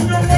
Let's go.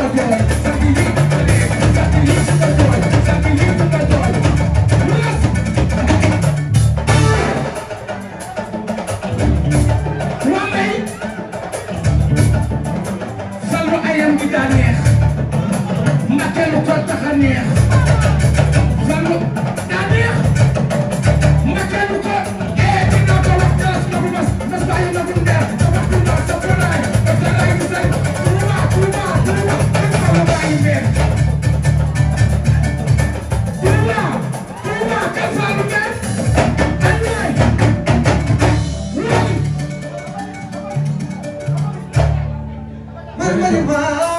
Sallu ayam gi daa neex, Mbàkke lu ko tax a neex, sallu Everybody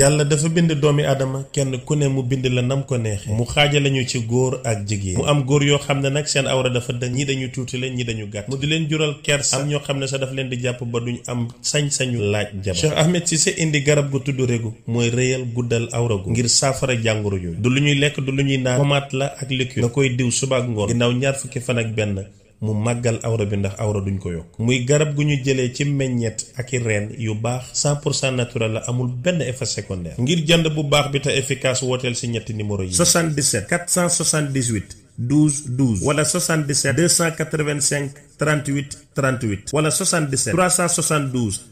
yàlla dafa bind doomi aadama kenn ku ne mu bind la nam ko neexee mu xaaja lañu ci góor ak jigéen mu am góor yoo xam ne nag seen awra dafa da ñi dañu tuuti leen ñi dañu gàtt mu di leen jural kersa am ñoo xam ne sa dafa leen di jàpp ba duñu am sañ-sañu laaj jabar Cheikh Ahmed Cissé indi garab gu tudd régu mooy réyal guddal awra gu ngir saafara jàngoro yooyu du lu ñuy lekk du lu ñuy naan pomaat la ak liqueur nga koy diw suba ak ngoon ginnaaw ñaar fukki fan ak benn mu màggal awra bi ndax awra duñ ko yokk muy garab gu ñu jëlee ci meññeet ak i reen yu baax 100 pour cent naturel la amul benn effet secondaire ngir jënd bu baax bi te efficace wooteel si ñetti numéro yi 77 478 12 12 wala 77 285 38 38 wala 77 372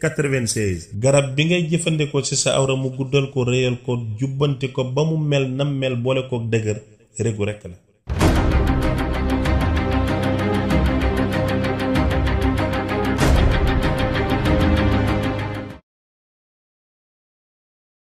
96 garab bi ngay jëfandikoo ci sa awra mu guddal ko réyal ko jubbanti ko ba mu mel nam mel boole ko dëgër régu rekk la